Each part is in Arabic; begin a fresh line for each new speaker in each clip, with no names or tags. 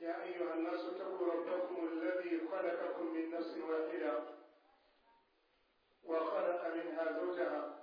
يا أيها الناس اتقوا ربكم الذي خلقكم من نفس واحدة وخلق منها زوجها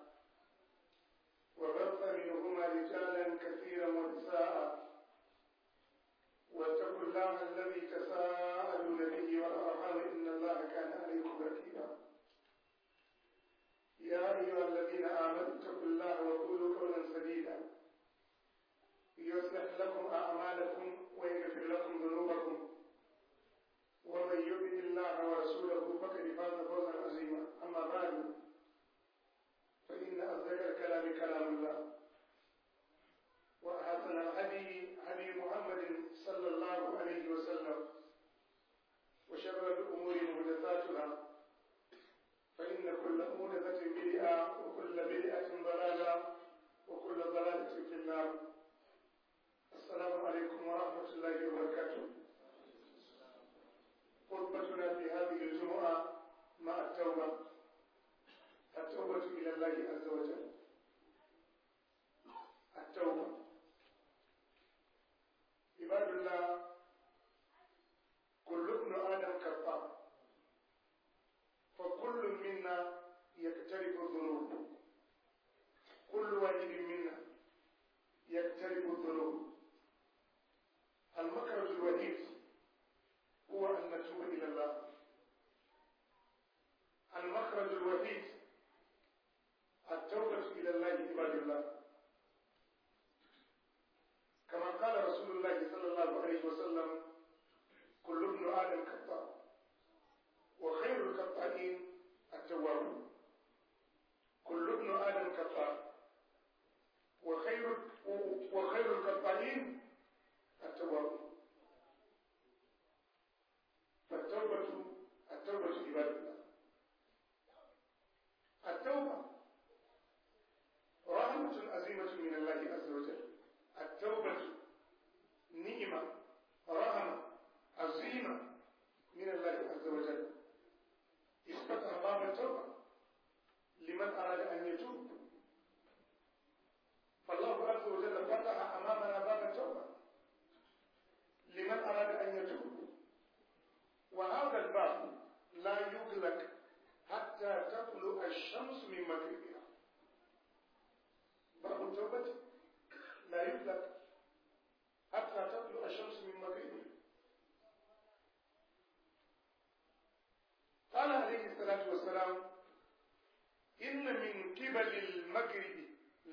ba a tsawon wata ƙila za a yi azawajen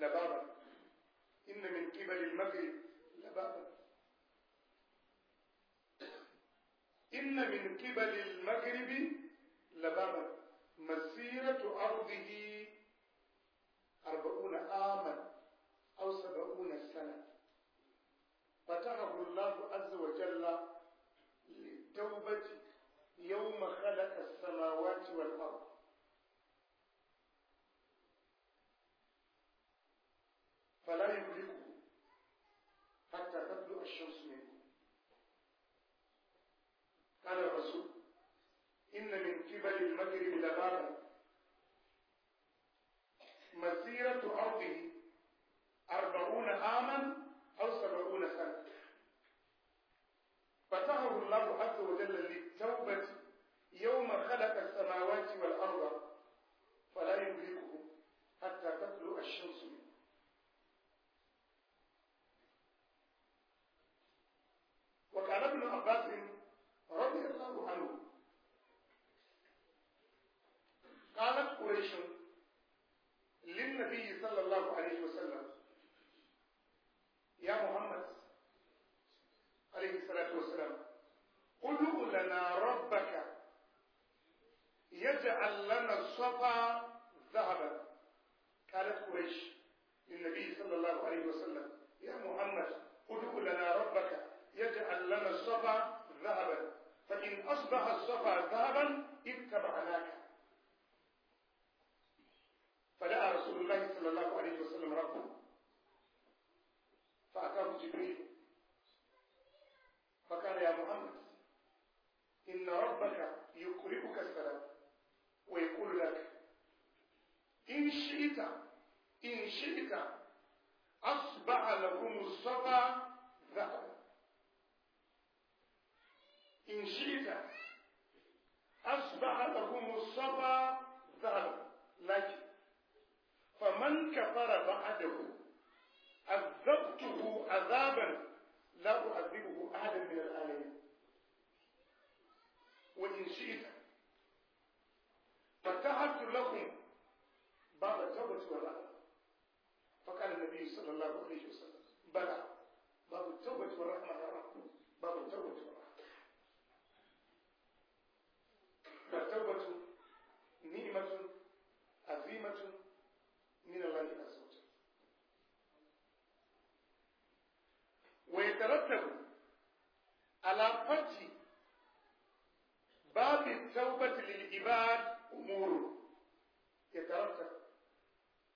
لبابا إن من قبل المغرب السلطة ذهبت قالت قريش للنبي صلى الله عليه وسلم يا محمد ادعو لنا ربك يجعل لنا الصفا ذهبا فإن أصبح الصفا ذهبا اتبعناك فدعا رسول الله صلى الله عليه وسلم ربه فأتاه جبريل فقال يا محمد إن ربك يقربك السلام إن شئت إن شئت أصبح لكم الصبا ذهبا إن شئت أصبح لكم الصبا ذهبا لكن فمن كفر بعده عذبته عذابا لا أعذبه أحدا من الآية على فتح باب التوبة للعباد أمور يترتب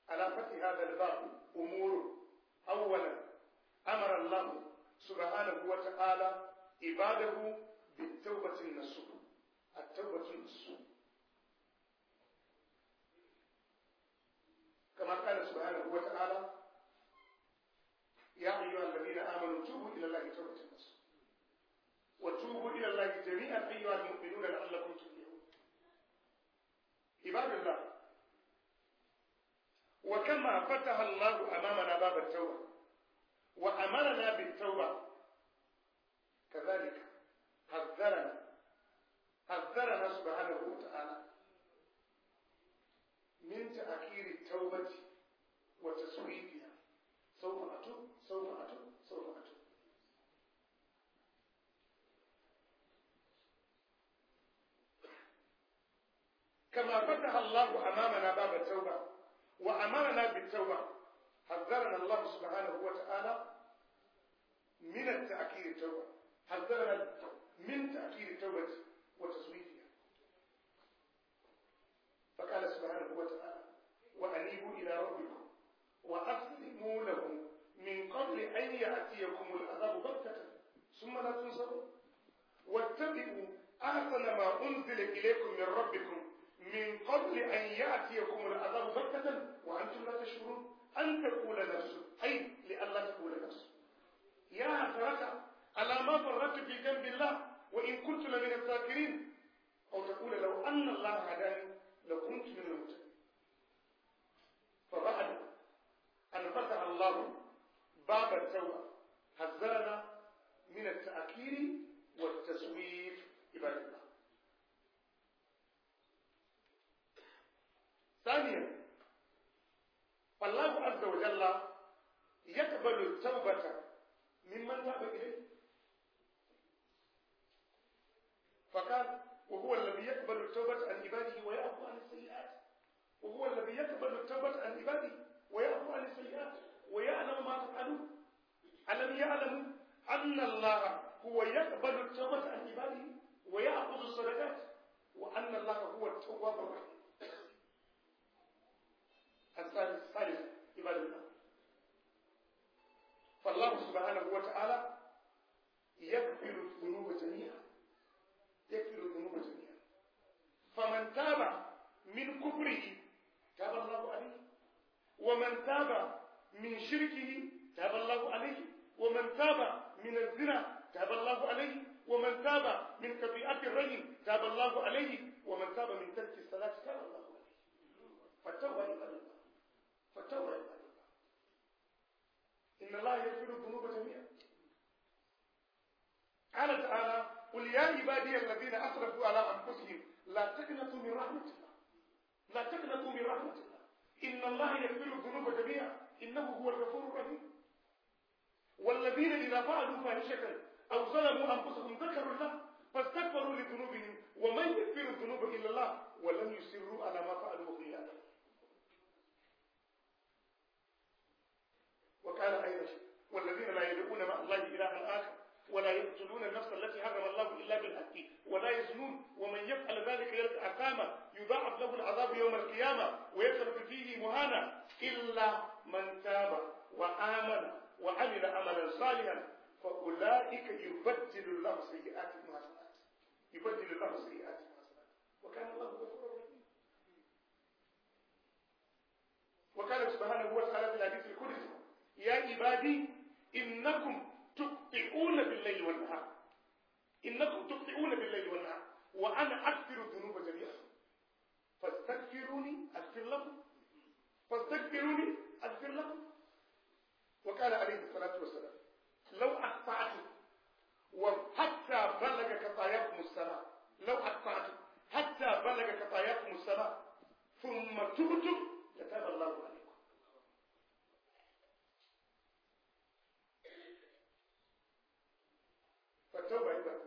على فتح هذا الباب أمور أولا أمر الله سبحانه وتعالى عباده بالتوبة النصوح التوبة النصوح كما قال سبحانه وتعالى يا أيها وتوبوا إلى الله جميعا أيها المؤمنون لعلكم تفلحون عباد الله وكما فتح الله أمامنا باب التوبة وأمرنا بالتوبة كما فتح الله أمامنا باب التوبة وأمرنا بالتوبة حذرنا الله سبحانه وتعالى من التأكيد التوبة حذرنا من تأكيد التوبة وتزويدها فقال سبحانه وتعالى وأنيبوا إلى ربكم وأسلموا له من قبل أن يأتيكم العذاب بغتة ثم لا تنصرون واتبعوا أحسن ما أنزل إليكم من ربكم قبل أن يأتيكم العذاب بكة وأنتم لا تشعرون أن تقول نفسك أي لألا تقول نفسك يا حسرك ألا ما فرطت في جنب الله وإن كنت لمن الذاكرين أو تقول لو أن الله هداني لكنت من المتقين فبعد أن فتح الله باب التوبة هزانا من التأكير والتسويف عباد الله ثانيا فالله عز وجل يقبل التوبة ممن تاب إليه فقال وهو الذي يقبل التوبة عن عباده ويعفو عن السيئات وهو الذي يقبل التوبة عن عباده ويعفو عن السيئات ويعلم ما تفعلون ألم يعلم أن الله هو يقبل التوبة عن عباده ويأخذ الصدقات وأن الله هو التواب الرحيم الله عليه ومن تاب من كبيئة الرجل تاب الله عليه ومن تاب من ترك الصلاة تاب الله عليه فالتوبة عباد الله فالتوبة عباد الله إن الله يغفر الذنوب جميعا قال تعالى قل يا عبادي الذين أسرفوا على أنفسهم لا تقنطوا من رحمة الله لا تقنطوا من رحمة الله إن الله يغفر الذنوب جميعا إنه هو الغفور الرحيم والذين إذا فعلوا فاحشة أو ظلموا أنفسهم ذكروا الله فاستكبروا لذنوبهم ومن يكفر الذنوب إلا الله ولم يسروا على ما فعلوا خيانة وكان أيضا والذين لا يدعون مع الله إلها آخر ولا يقتلون النفس التي حرم الله إلا بالحق ولا يزنون ومن يفعل ذلك يلقى أثاما يضاعف له العذاب يوم القيامة ويترك فيه مهانا إلا من تاب وآمن وعمل عملا صالحا فأولئك يبدل الله سيئاتهم حسنات يبدل الله سيئاتهم حسنات وكان الله غفورا رحيما وقال سبحانه وتعالى في الحديث القدسي يا عبادي إنكم تخطئون بالليل والنهار إنكم تخطئون بالليل والنهار وأنا أغفر الذنوب جميعا فاستغفروني أغفر لكم فاستغفروني أغفر لكم وقال عليه الصلاة والسلام لو أقطعت وحتى بلغ خطاياكم الصلاة لو أقطعت حتى بلغ خطاياكم الصلاة ثم تبتم كتاب الله عليكم فالتوبة إذا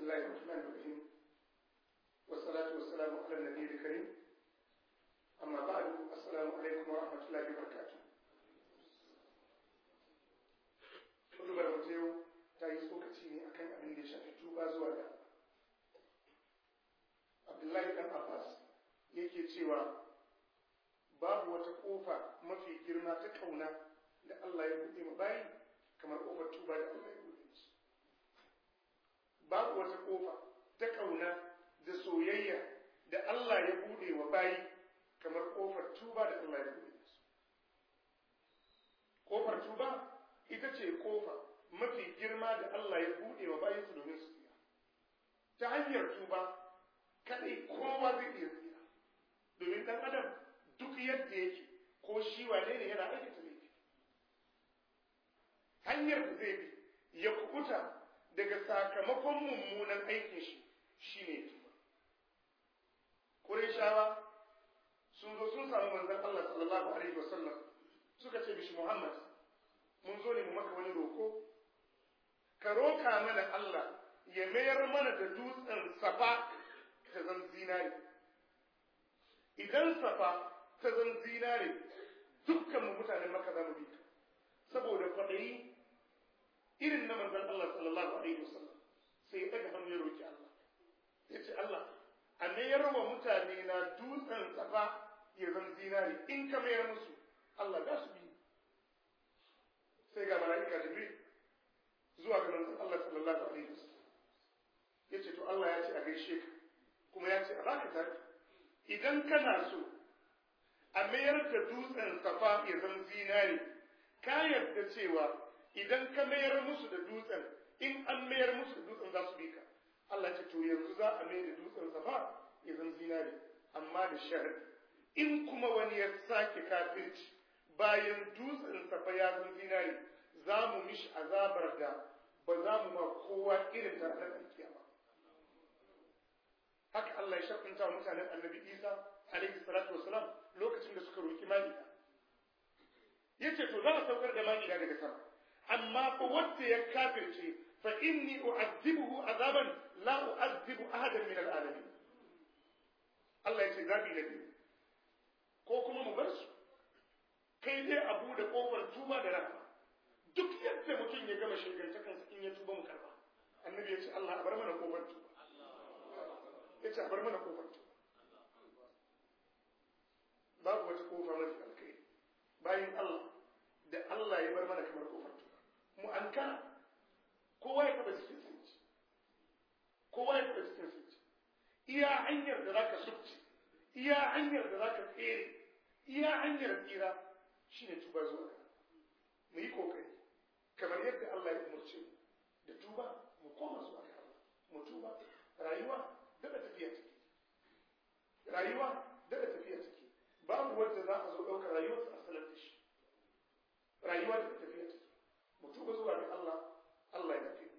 بسم الله الرحمن الرحيم والصلاة والسلام على النبي الكريم أما بعد السلام عليكم ورحمة الله وبركاته kudu wata yau ta yi tsokaci ne akan abin da ya shafi tuba zuwa da abdullahi ɗan abbas yake cewa babu wata ƙofa mafi girma ta kauna da allah ya buɗe ma bayi kamar kofar tuba da allah ya buɗe babu wata kofa ta ƙauna da soyayya da Allah ya bude wa bayi kamar kofar tuba da Allah ya buɗe su kofar tuba ita ce kofa mafi girma da Allah ya bude wa bayi su domin su tsira ta hanyar tuba kadai kowa zai iya tsira domin dan adam duk yadda yake ko shi wane ne yana aikata laifi hanyar da zai bi ya kubuta daga sakamakon mummunan aikin shi shine tuba Qurayshawa sun zo sun samu manzon Allah sallallahu alaihi wasallam suka ce bishi Muhammad mun zo ne mu maka wani roko ka roka mana Allah ya mayar mana da dutsen safa ta zan zinare. idan safa ta zan zinare, dukkan mutanen maka za mu bi saboda kwaɗayi irin na manzon Allah sallallahu alaihi wasallam sai ya daga hannu ya roki Allah ya ce Allah a mayar wa mutane na dutsen safa ya zan zinari in ka mayar musu Allah za su bi sai ga mala'ika jibril zuwa ga manzon Allah sallallahu alaihi wasallam ya ce to Allah ya ce a gaishe ka kuma ya ce a baka zaɓi idan kana so a mayar da dutsen safa ya zan zinari ka yarda cewa idan ka mayar musu da dutsen in an mayar musu da dutsen za su bi ka Allah ce to yanzu za a mayar da dutsen safa idan zinari amma da sharadi in kuma wani ya sake kafirci bayan dutsen safa ya zan zinari za mu mishi azabar da ba za mu ma kowa irin ta ranar ba haka Allah ya shafinta wa mutanen annabi Isa alaihi salatu wasalam lokacin da suka roki Ya ce to za a saukar da mali daga sama amma fa wanda ya kafirce fa inni u'azzibuhu azaban la u'azzibu ahadan min al'alamin Allah ya ce zabi da biyu ko kuma mu bar su kai dai abu da kofar tuba da rahama duk yadda mutum ya gama shigantakan in ya tuba mu karba annabi ya ce Allah a bar mana kofar tuba ya ce a bar mana kofar tuba babu wata kofa mafi alkai bayan Allah da Allah ya bar mana kamar kofar mu kowa ya taɓa cikin sunci kowa ya taɓa cikin sunci iya hanyar da za ka subci iya hanyar da za ka tsere iya hanyar tsira shi ne tuba zuwa mu yi kokari kamar yadda Allah ya umarce mu da tuba mu koma zuwa ga Allah mu tuba rayuwa daga tafiya ciki rayuwa daga tafiya ciki babu wanda za a zo ɗaukar rayuwarsa a salar da shi rayuwa daga tafiya ciki tuba zuwa ga Allah Allah ya tafi